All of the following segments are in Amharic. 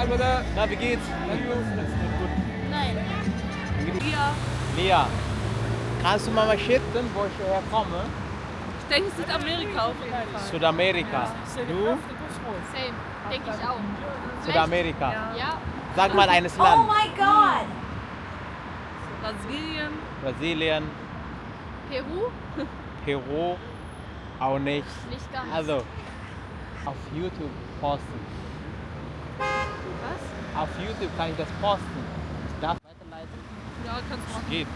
Hi, Bruder. Na, wie geht's? Nein. Lia. Lia. Kannst du mal mal schätzen, wo ich herkomme? Ich denke Südamerika auf jeden Fall. Südamerika. Du? Same. Denke ich auch. Südamerika. Ja. Sag mal eines oh Land. Oh my God! Brasilien. Brasilien. Peru. Peru. Auch nicht. Nicht ganz. Also, auf YouTube posten. Was? Auf YouTube kann ich das posten. Ich darf weiterleiten. Ja, kannst du machen. Geht.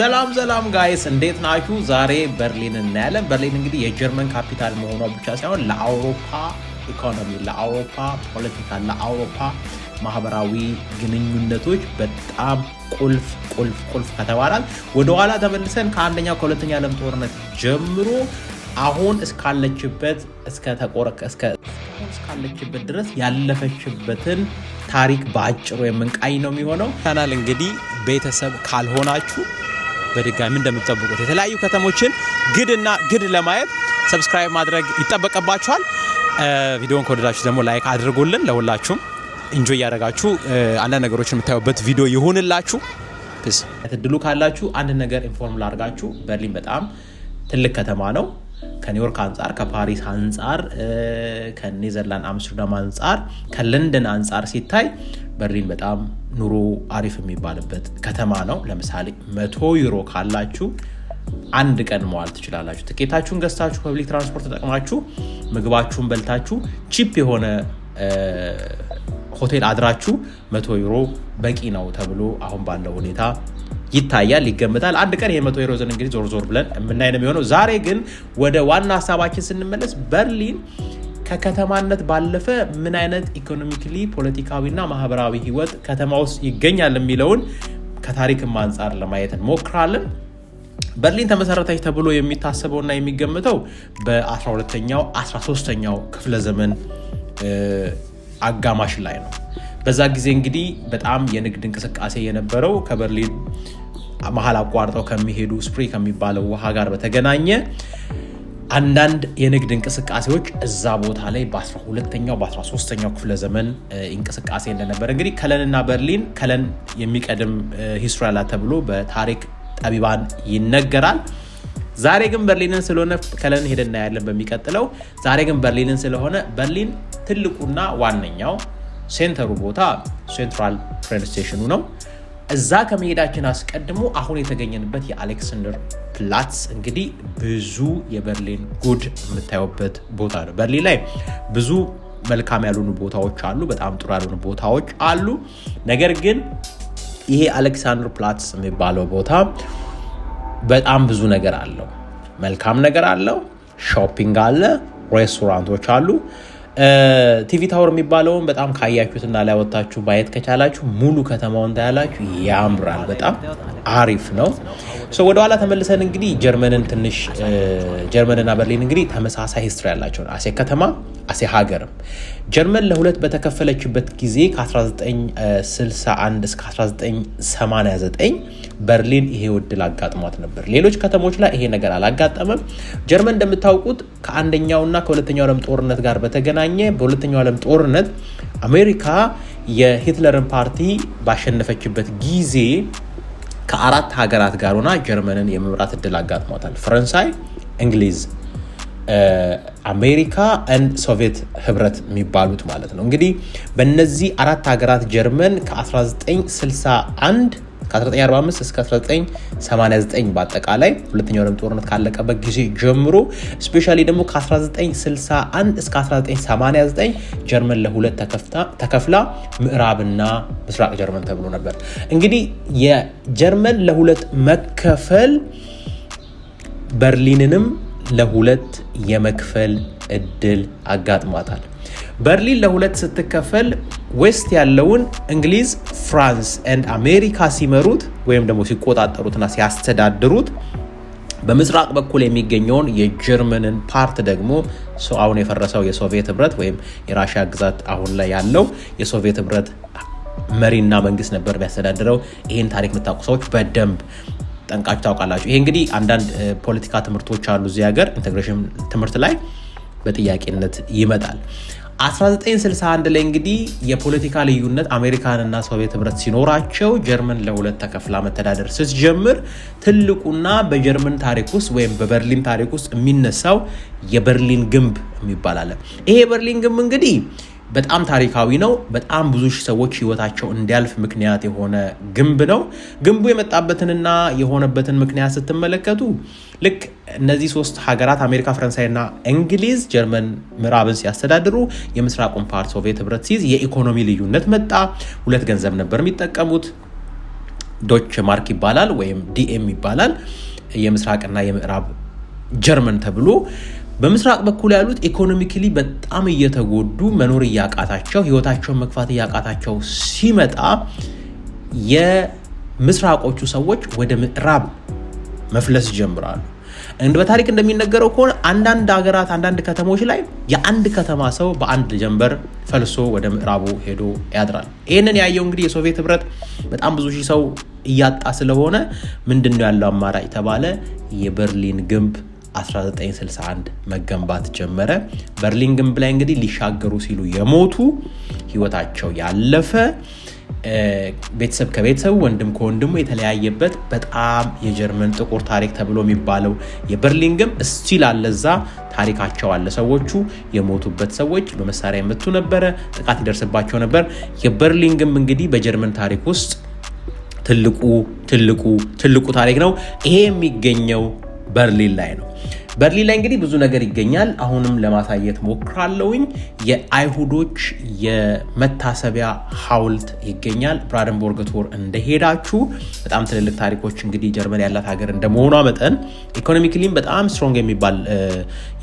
ሰላም ሰላም ጋይስ እንዴት ናችሁ? ዛሬ በርሊን እናያለን። በርሊን እንግዲህ የጀርመን ካፒታል መሆኗ ብቻ ሳይሆን ለአውሮፓ ኢኮኖሚ፣ ለአውሮፓ ፖለቲካ፣ ለአውሮፓ ማህበራዊ ግንኙነቶች በጣም ቁልፍ ቁልፍ ቁልፍ ከተባላል ወደኋላ ተመልሰን ከአንደኛ ከሁለተኛ ዓለም ጦርነት ጀምሮ አሁን እስካለችበት እስካለችበት ድረስ ያለፈችበትን ታሪክ በአጭሩ የምንቃኝ ነው የሚሆነው። ቻናል እንግዲህ ቤተሰብ ካልሆናችሁ በድጋሚ እንደምትጠብቁት የተለያዩ ከተሞችን ግድና ግድ ለማየት ሰብስክራይብ ማድረግ ይጠበቅባችኋል። ቪዲዮን ከወደዳችሁ ደግሞ ላይክ አድርጉልን። ለሁላችሁም ኢንጆይ እያደረጋችሁ አንዳንድ ነገሮችን የምታዩበት ቪዲዮ ይሁንላችሁ። እድሉ ካላችሁ አንድ ነገር ኢንፎርም ላድርጋችሁ። በርሊን በጣም ትልቅ ከተማ ነው። ከኒውዮርክ አንጻር፣ ከፓሪስ አንጻር፣ ከኔዘርላንድ አምስተርዳም አንጻር፣ ከለንደን አንጻር ሲታይ በርሊን በጣም ኑሮ አሪፍ የሚባልበት ከተማ ነው። ለምሳሌ መቶ ዩሮ ካላችሁ አንድ ቀን መዋል ትችላላችሁ። ትኬታችሁን ገዝታችሁ ፐብሊክ ትራንስፖርት ተጠቅማችሁ ምግባችሁን በልታችሁ ቺፕ የሆነ ሆቴል አድራችሁ መቶ ዩሮ በቂ ነው ተብሎ አሁን ባለው ሁኔታ ይታያል፣ ይገምታል። አንድ ቀን ይሄ መቶ ዩሮ ዘን እንግዲህ ዞር ዞር ብለን የምናይ ነው የሚሆነው። ዛሬ ግን ወደ ዋና ሀሳባችን ስንመለስ በርሊን ከከተማነት ባለፈ ምን አይነት ኢኮኖሚክሊ ፖለቲካዊና ማህበራዊ ህይወት ከተማ ውስጥ ይገኛል የሚለውን ከታሪክም አንጻር ለማየት እንሞክራለን። በርሊን ተመሰረተች ተብሎ የሚታሰበውና የሚገምተው በ12ኛው 13ኛው ክፍለ ዘመን አጋማሽ ላይ ነው። በዛ ጊዜ እንግዲህ በጣም የንግድ እንቅስቃሴ የነበረው ከበርሊን መሀል አቋርጠው ከሚሄዱ ስፕሪ ከሚባለው ውሃ ጋር በተገናኘ አንዳንድ የንግድ እንቅስቃሴዎች እዛ ቦታ ላይ በ12ኛው በ13ኛው ክፍለ ዘመን እንቅስቃሴ እንደነበረ እንግዲህ ከለንና በርሊን ከለን የሚቀድም ሂስትሪ ተብሎ በታሪክ ጠቢባን ይነገራል። ዛሬ ግን በርሊንን ስለሆነ ከለን ሄደን እናያለን በሚቀጥለው። ዛሬ ግን በርሊንን ስለሆነ በርሊን ትልቁና ዋነኛው ሴንተሩ ቦታ ሴንትራል ትሬን ስቴሽኑ ነው። እዛ ከመሄዳችን አስቀድሞ አሁን የተገኘንበት የአሌክሳንደር ፕላትስ እንግዲህ ብዙ የበርሊን ጉድ የምታዩበት ቦታ ነው። በርሊን ላይ ብዙ መልካም ያልሆኑ ቦታዎች አሉ፣ በጣም ጥሩ ያልሆኑ ቦታዎች አሉ። ነገር ግን ይሄ አሌክሳንደር ፕላትስ የሚባለው ቦታ በጣም ብዙ ነገር አለው። መልካም ነገር አለው። ሾፒንግ አለ፣ ሬስቶራንቶች አሉ። ቲቪ ታወር የሚባለውን በጣም ካያችሁትና ላይ ወታችሁ ማየት ከቻላችሁ ሙሉ ከተማውን ታያላችሁ። ያምራል። በጣም አሪፍ ነው። ወደ ኋላ ተመልሰን እንግዲህ ጀርመንን ትንሽ ጀርመንና በርሊን እንግዲህ ተመሳሳይ ሂስትሪ ያላቸው አሴ ከተማ አሴ ሀገርም ጀርመን ለሁለት በተከፈለችበት ጊዜ ከ1961 እስከ 1989 በርሊን ይሄ ውድል አጋጥሟት ነበር። ሌሎች ከተሞች ላይ ይሄ ነገር አላጋጠመም። ጀርመን እንደምታውቁት ከአንደኛውና ከሁለተኛው ዓለም ጦርነት ጋር በተገናኘ በሁለተኛው ዓለም ጦርነት አሜሪካ የሂትለርን ፓርቲ ባሸነፈችበት ጊዜ ከአራት ሀገራት ጋር ሆና ጀርመንን የመምራት እድል አጋጥሟታል። ፈረንሳይ፣ እንግሊዝ፣ አሜሪካ እንድ ሶቪየት ህብረት የሚባሉት ማለት ነው። እንግዲህ በእነዚህ አራት ሀገራት ጀርመን ከ1961 ከ1945 እስከ 1989 በአጠቃላይ ሁለተኛው ዓለም ጦርነት ካለቀበት ጊዜ ጀምሮ ስፔሻሊ ደግሞ ከ1961 እስከ 1989 ጀርመን ለሁለት ተከፍላ ምዕራብና ምስራቅ ጀርመን ተብሎ ነበር። እንግዲህ የጀርመን ለሁለት መከፈል በርሊንንም ለሁለት የመክፈል እድል አጋጥሟታል። በርሊን ለሁለት ስትከፈል ዌስት ያለውን እንግሊዝ፣ ፍራንስ ኤንድ አሜሪካ ሲመሩት ወይም ደግሞ ሲቆጣጠሩትና ሲያስተዳድሩት በምስራቅ በኩል የሚገኘውን የጀርመንን ፓርት ደግሞ አሁን የፈረሰው የሶቪየት ህብረት ወይም የራሽያ ግዛት አሁን ላይ ያለው የሶቪየት ህብረት መሪና መንግስት ነበር የሚያስተዳድረው። ይህን ታሪክ የምታውቁ ሰዎች በደንብ ጠንቃችሁ ታውቃላችሁ። ይሄ እንግዲህ አንዳንድ ፖለቲካ ትምህርቶች አሉ እዚህ ሀገር ኢንቴግሬሽን ትምህርት ላይ በጥያቄነት ይመጣል። 1961 ላይ እንግዲህ የፖለቲካ ልዩነት አሜሪካንና ሶቪየት ህብረት ሲኖራቸው ጀርመን ለሁለት ተከፍላ መተዳደር ስትጀምር ትልቁና በጀርመን ታሪክ ውስጥ ወይም በበርሊን ታሪክ ውስጥ የሚነሳው የበርሊን ግንብ የሚባል አለ። ይሄ የበርሊን ግንብ እንግዲህ በጣም ታሪካዊ ነው። በጣም ብዙ ሰዎች ህይወታቸው እንዲያልፍ ምክንያት የሆነ ግንብ ነው። ግንቡ የመጣበትንና የሆነበትን ምክንያት ስትመለከቱ ልክ እነዚህ ሶስት ሀገራት አሜሪካ፣ ፈረንሳይና እንግሊዝ ጀርመን ምዕራብን ሲያስተዳድሩ የምስራቁን ፓርት ሶቪየት ህብረት ሲይዝ የኢኮኖሚ ልዩነት መጣ። ሁለት ገንዘብ ነበር የሚጠቀሙት። ዶች ማርክ ይባላል ወይም ዲኤም ይባላል የምስራቅና የምዕራብ ጀርመን ተብሎ በምስራቅ በኩል ያሉት ኢኮኖሚክሊ በጣም እየተጎዱ መኖር እያቃታቸው ህይወታቸውን መግፋት እያቃታቸው ሲመጣ የምስራቆቹ ሰዎች ወደ ምዕራብ መፍለስ ይጀምራሉ። እንደ በታሪክ እንደሚነገረው ከሆነ አንዳንድ ሀገራት፣ አንዳንድ ከተሞች ላይ የአንድ ከተማ ሰው በአንድ ጀንበር ፈልሶ ወደ ምዕራቡ ሄዶ ያድራል። ይህንን ያየው እንግዲህ የሶቪየት ህብረት በጣም ብዙ ሺህ ሰው እያጣ ስለሆነ ምንድን ያለው አማራጭ ተባለ የበርሊን ግንብ 1961 መገንባት ጀመረ። በርሊን ግንብ ላይ እንግዲህ ሊሻገሩ ሲሉ የሞቱ ህይወታቸው ያለፈ ቤተሰብ ከቤተሰቡ ወንድም ከወንድሙ የተለያየበት በጣም የጀርመን ጥቁር ታሪክ ተብሎ የሚባለው የበርሊን እስቲል አለ። አለዛ ታሪካቸው አለ። ሰዎቹ የሞቱበት ሰዎች በመሳሪያ የመቱ ነበረ፣ ጥቃት ይደርስባቸው ነበር። የበርሊን ግንብ እንግዲህ በጀርመን ታሪክ ውስጥ ትልቁ ትልቁ ትልቁ ታሪክ ነው። ይሄ የሚገኘው በርሊን ላይ ነው። በርሊን ላይ እንግዲህ ብዙ ነገር ይገኛል። አሁንም ለማሳየት ሞክራለውኝ የአይሁዶች የመታሰቢያ ሐውልት ይገኛል። ብራደንቦርግ ቶር እንደሄዳችሁ በጣም ትልልቅ ታሪኮች እንግዲህ ጀርመን ያላት ሀገር እንደመሆኗ መጠን ኢኮኖሚክሊም በጣም ስትሮንግ የሚባል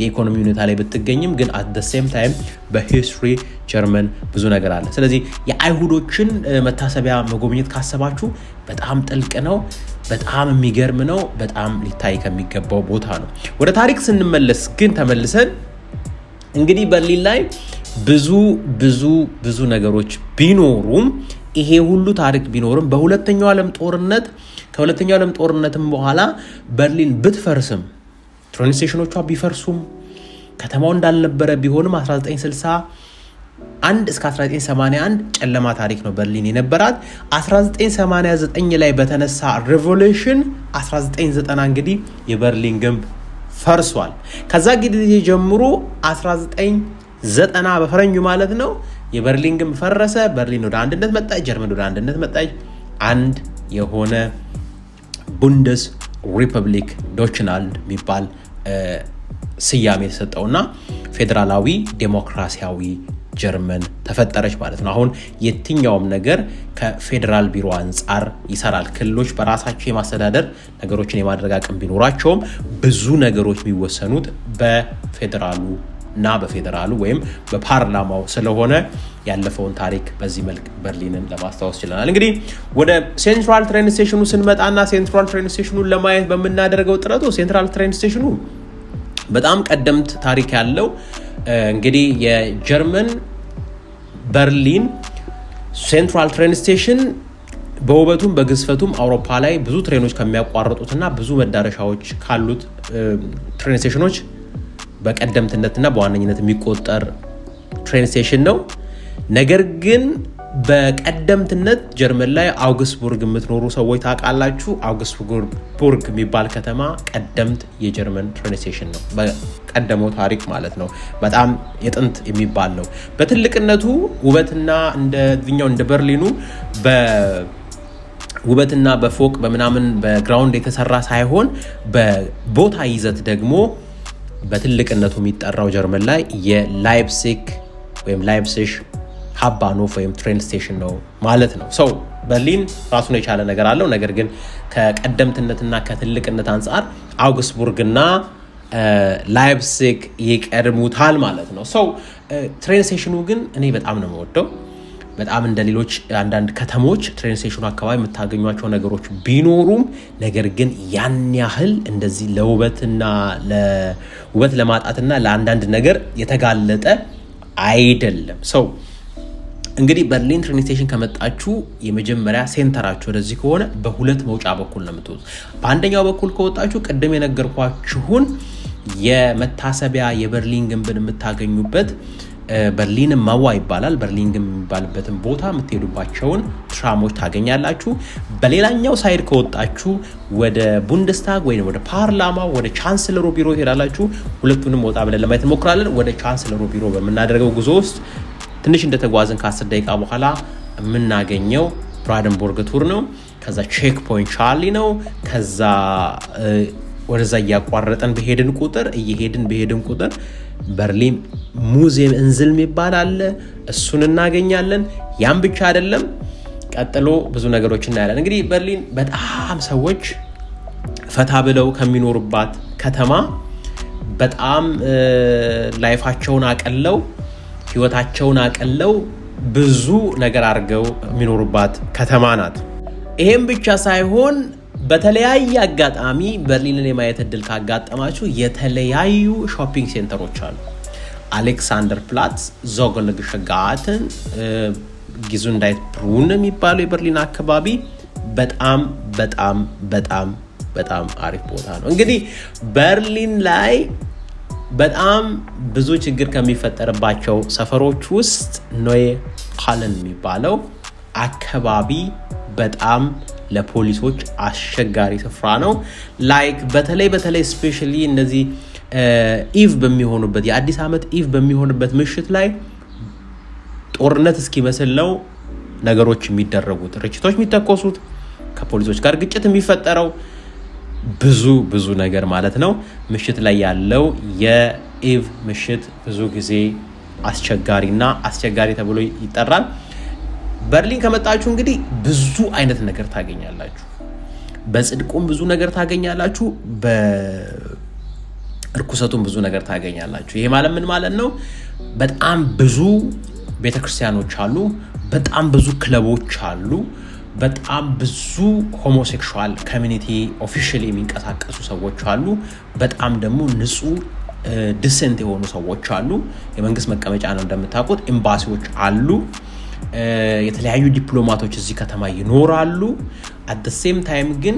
የኢኮኖሚ ሁኔታ ላይ ብትገኝም ግን አት ደ ሴም ታይም በሂስትሪ ጀርመን ብዙ ነገር አለ። ስለዚህ የአይሁዶችን መታሰቢያ መጎብኘት ካሰባችሁ በጣም ጥልቅ ነው። በጣም የሚገርም ነው። በጣም ሊታይ ከሚገባው ቦታ ነው። ወደ ታሪክ ስንመለስ ግን ተመልሰን እንግዲህ በርሊን ላይ ብዙ ብዙ ብዙ ነገሮች ቢኖሩም ይሄ ሁሉ ታሪክ ቢኖርም በሁለተኛው ዓለም ጦርነት ከሁለተኛው ዓለም ጦርነትም በኋላ በርሊን ብትፈርስም ትሬን ስቴሽኖቿ ቢፈርሱም ከተማው እንዳልነበረ ቢሆንም 1960 1 እስከ 1981 ጨለማ ታሪክ ነው በርሊን የነበራት። 1989 ላይ በተነሳ ሬቮሉሽን 1990 እንግዲህ የበርሊን ግንብ ፈርሷል። ከዛ ጊዜ ጀምሮ 1990 በፈረንጁ ማለት ነው የበርሊን ግንብ ፈረሰ። በርሊን ወደ አንድነት መጣች፣ ጀርመን ወደ አንድነት መጣች። አንድ የሆነ ቡንደስ ሪፐብሊክ ዶችናልድ የሚባል ስያሜ የተሰጠውና ፌዴራላዊ ዴሞክራሲያዊ ጀርመን ተፈጠረች ማለት ነው። አሁን የትኛውም ነገር ከፌዴራል ቢሮ አንጻር ይሰራል። ክልሎች በራሳቸው የማስተዳደር ነገሮችን የማድረግ አቅም ቢኖራቸውም ብዙ ነገሮች የሚወሰኑት በፌዴራሉ እና በፌዴራሉ ወይም በፓርላማው ስለሆነ ያለፈውን ታሪክ በዚህ መልክ በርሊንን ለማስታወስ ችለናል። እንግዲህ ወደ ሴንትራል ትሬን ስቴሽኑ ስንመጣና ሴንትራል ትሬን ስቴሽኑን ለማየት በምናደርገው ጥረቱ ሴንትራል ትሬን ስቴሽኑ በጣም ቀደምት ታሪክ ያለው እንግዲህ የጀርመን በርሊን ሴንትራል ትሬን ስቴሽን በውበቱም በግዝፈቱም አውሮፓ ላይ ብዙ ትሬኖች ከሚያቋርጡትና ብዙ መዳረሻዎች ካሉት ትሬን ስቴሽኖች በቀደምትነትና በዋነኝነት የሚቆጠር ትሬን ስቴሽን ነው። ነገር ግን በቀደምትነት ጀርመን ላይ አውግስቡርግ የምትኖሩ ሰዎች ታውቃላችሁ። አውግስቡርግ የሚባል ከተማ ቀደምት የጀርመን ትሬን ስቴሽን ነው። ቀደመው ታሪክ ማለት ነው። በጣም የጥንት የሚባል ነው። በትልቅነቱ ውበትና እንደኛው እንደ በርሊኑ ውበትና በፎቅ በምናምን በግራውንድ የተሰራ ሳይሆን በቦታ ይዘት ደግሞ በትልቅነቱ የሚጠራው ጀርመን ላይ የላይፕሲክ ወይም ላይፕሲሽ ሀባኖፍ ወይም ትሬን ስቴሽን ነው ማለት ነው። ሰው በርሊን ራሱን የቻለ ነገር አለው። ነገር ግን ከቀደምትነትና ከትልቅነት አንጻር አውግስቡርግና ላይፕሲግ ይቀድሙታል ማለት ነው። ሰው ትሬን ስቴሽኑ ግን እኔ በጣም ነው የምወደው። በጣም እንደ ሌሎች አንዳንድ ከተሞች ትሬን አካባቢ የምታገኟቸው ነገሮች ቢኖሩም ነገር ግን ያን ያህል እንደዚህ ለውበትና ለውበት ለማጣትና ለአንዳንድ ነገር የተጋለጠ አይደለም። ሰው እንግዲህ በርሊን ትሬን ስቴሽን ከመጣችሁ የመጀመሪያ ሴንተራችሁ ወደዚህ ከሆነ በሁለት መውጫ በኩል ነው የምትወጡት። በአንደኛው በኩል ከወጣችሁ ቅድም የነገርኳችሁን የመታሰቢያ የበርሊን ግንብን የምታገኙበት በርሊንም መዋ ይባላል። በርሊን ግንብ የሚባልበትን ቦታ የምትሄዱባቸውን ትራሞች ታገኛላችሁ። በሌላኛው ሳይድ ከወጣችሁ ወደ ቡንደስታግ ወይም ወደ ፓርላማ ወደ ቻንስለሮ ቢሮ ሄዳላችሁ። ሁለቱንም ወጣ ብለን ለማየት እንሞክራለን። ወደ ቻንስለሮ ቢሮ በምናደርገው ጉዞ ውስጥ ትንሽ እንደተጓዝን ከ10 ደቂቃ በኋላ የምናገኘው ብራንደንቡርግ ቱር ነው። ከዛ ቼክ ፖይንት ቻርሊ ነው። ከዛ ወደዛ እያቋረጠን በሄድን ቁጥር እየሄድን በሄድን ቁጥር በርሊን ሙዚየም እንዝል የሚባል አለ። እሱን እናገኛለን። ያም ብቻ አይደለም፣ ቀጥሎ ብዙ ነገሮች እናያለን። እንግዲህ በርሊን በጣም ሰዎች ፈታ ብለው ከሚኖሩባት ከተማ በጣም ላይፋቸውን አቀለው ህይወታቸውን አቀለው ብዙ ነገር አድርገው የሚኖሩባት ከተማ ናት። ይሄም ብቻ ሳይሆን በተለያየ አጋጣሚ በርሊንን የማየት እድል ካጋጠማችሁ የተለያዩ ሾፒንግ ሴንተሮች አሉ። አሌክሳንደር ፕላትስ፣ ዞጎልግሽ ጋትን፣ ጊዙንዳይት ብሩን የሚባለው የበርሊን አካባቢ በጣም በጣም በጣም በጣም አሪፍ ቦታ ነው። እንግዲህ በርሊን ላይ በጣም ብዙ ችግር ከሚፈጠርባቸው ሰፈሮች ውስጥ ኖዬ ካልን የሚባለው አካባቢ በጣም ለፖሊሶች አስቸጋሪ ስፍራ ነው። ላይክ በተለይ በተለይ ስፔሻሊ እነዚህ ኢቭ በሚሆኑበት የአዲስ ዓመት ኢቭ በሚሆንበት ምሽት ላይ ጦርነት እስኪመስል ነው ነገሮች የሚደረጉት፣ ርችቶች የሚተኮሱት፣ ከፖሊሶች ጋር ግጭት የሚፈጠረው ብዙ ብዙ ነገር ማለት ነው። ምሽት ላይ ያለው የኢቭ ምሽት ብዙ ጊዜ አስቸጋሪና አስቸጋሪ ተብሎ ይጠራል። በርሊን ከመጣችሁ እንግዲህ ብዙ አይነት ነገር ታገኛላችሁ። በጽድቁም ብዙ ነገር ታገኛላችሁ፣ በእርኩሰቱም ብዙ ነገር ታገኛላችሁ። ይሄ ማለት ምን ማለት ነው? በጣም ብዙ ቤተክርስቲያኖች አሉ፣ በጣም ብዙ ክለቦች አሉ፣ በጣም ብዙ ሆሞሴክሹዋል ኮሚኒቲ ኦፊሽል የሚንቀሳቀሱ ሰዎች አሉ። በጣም ደግሞ ንጹህ ዲሰንት የሆኑ ሰዎች አሉ። የመንግስት መቀመጫ ነው እንደምታውቁት፣ ኤምባሲዎች አሉ። የተለያዩ ዲፕሎማቶች እዚህ ከተማ ይኖራሉ። አደ ሴም ታይም ግን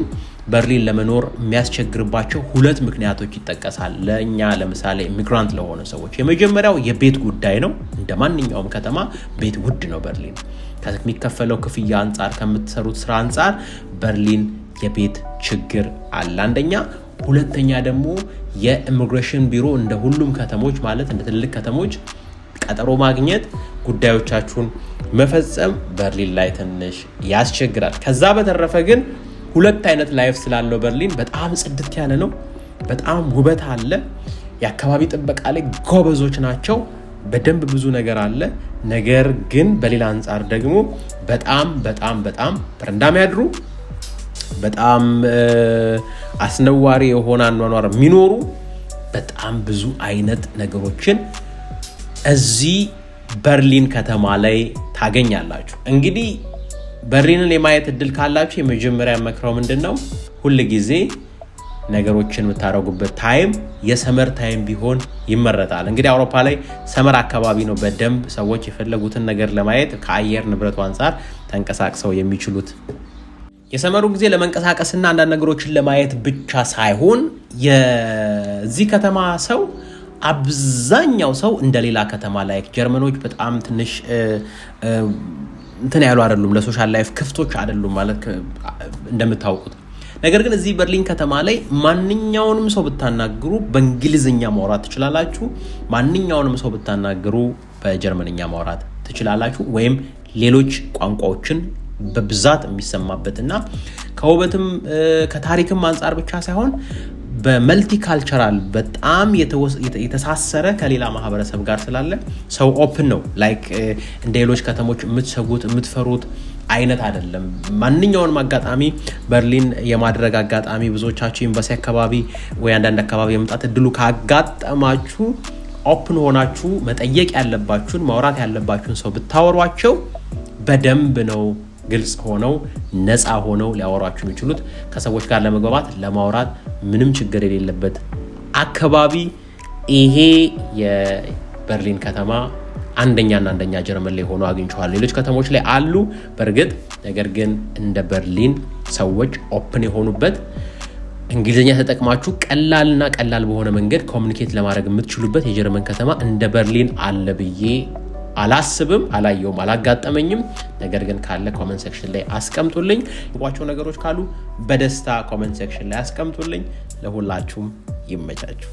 በርሊን ለመኖር የሚያስቸግርባቸው ሁለት ምክንያቶች ይጠቀሳል። ለእኛ ለምሳሌ ኢሚግራንት ለሆነ ሰዎች የመጀመሪያው የቤት ጉዳይ ነው። እንደ ማንኛውም ከተማ ቤት ውድ ነው። በርሊን ከሚከፈለው ክፍያ አንጻር፣ ከምትሰሩት ስራ አንጻር በርሊን የቤት ችግር አለ አንደኛ። ሁለተኛ ደግሞ የኢሚግሬሽን ቢሮ እንደ ሁሉም ከተሞች ማለት እንደ ትልልቅ ከተሞች ቀጠሮ ማግኘት ጉዳዮቻችሁን መፈጸም በርሊን ላይ ትንሽ ያስቸግራል። ከዛ በተረፈ ግን ሁለት አይነት ላይፍ ስላለው በርሊን በጣም ጽድት ያለ ነው። በጣም ውበት አለ። የአካባቢ ጥበቃ ላይ ጎበዞች ናቸው። በደንብ ብዙ ነገር አለ። ነገር ግን በሌላ አንጻር ደግሞ በጣም በጣም በጣም በረንዳ የሚያድሩ በጣም አስነዋሪ የሆነ አኗኗር የሚኖሩ በጣም ብዙ አይነት ነገሮችን እዚህ በርሊን ከተማ ላይ ታገኛላችሁ። እንግዲህ በርሊንን የማየት እድል ካላችሁ የመጀመሪያ መክረው ምንድን ነው ሁል ጊዜ ነገሮችን የምታደርጉበት ታይም የሰመር ታይም ቢሆን ይመረጣል። እንግዲህ አውሮፓ ላይ ሰመር አካባቢ ነው በደንብ ሰዎች የፈለጉትን ነገር ለማየት ከአየር ንብረቱ አንጻር ተንቀሳቅሰው የሚችሉት። የሰመሩ ጊዜ ለመንቀሳቀስና አንዳንድ ነገሮችን ለማየት ብቻ ሳይሆን የዚህ ከተማ ሰው አብዛኛው ሰው እንደ ሌላ ከተማ ላይ ጀርመኖች በጣም ትንሽ እንትን ያሉ አይደሉም፣ ለሶሻል ላይፍ ክፍቶች አይደሉም ማለት እንደምታውቁት። ነገር ግን እዚህ በርሊን ከተማ ላይ ማንኛውንም ሰው ብታናግሩ በእንግሊዝኛ ማውራት ትችላላችሁ። ማንኛውንም ሰው ብታናግሩ በጀርመንኛ ማውራት ትችላላችሁ። ወይም ሌሎች ቋንቋዎችን በብዛት የሚሰማበትና ከውበትም ከታሪክም አንጻር ብቻ ሳይሆን በመልቲካልቸራል በጣም የተሳሰረ ከሌላ ማህበረሰብ ጋር ስላለ ሰው ኦፕን ነው። ላይክ እንደ ሌሎች ከተሞች የምትሰጉት የምትፈሩት አይነት አይደለም። ማንኛውንም አጋጣሚ በርሊን የማድረግ አጋጣሚ ብዙዎቻችሁ ዩኒቨርሲቲ አካባቢ ወይ አንዳንድ አካባቢ የመምጣት እድሉ ካጋጠማችሁ ኦፕን ሆናችሁ መጠየቅ ያለባችሁን ማውራት ያለባችሁን ሰው ብታወሯቸው በደንብ ነው ግልጽ ሆነው ነፃ ሆነው ሊያወሯችሁ የሚችሉት ከሰዎች ጋር ለመግባባት ለማውራት ምንም ችግር የሌለበት አካባቢ ይሄ የበርሊን ከተማ አንደኛና አንደኛ ጀርመን ላይ ሆኖ አግኝቸዋል ሌሎች ከተሞች ላይ አሉ በእርግጥ ነገር ግን እንደ በርሊን ሰዎች ኦፕን የሆኑበት እንግሊዝኛ ተጠቅማችሁ ቀላልና ቀላል በሆነ መንገድ ኮሚኒኬት ለማድረግ የምትችሉበት የጀርመን ከተማ እንደ በርሊን አለ ብዬ አላስብም፣ አላየውም፣ አላጋጠመኝም። ነገር ግን ካለ ኮመንት ሴክሽን ላይ አስቀምጡልኝ። ቧቸው ነገሮች ካሉ በደስታ ኮመንት ሴክሽን ላይ አስቀምጡልኝ። ለሁላችሁም ይመቻችሁ።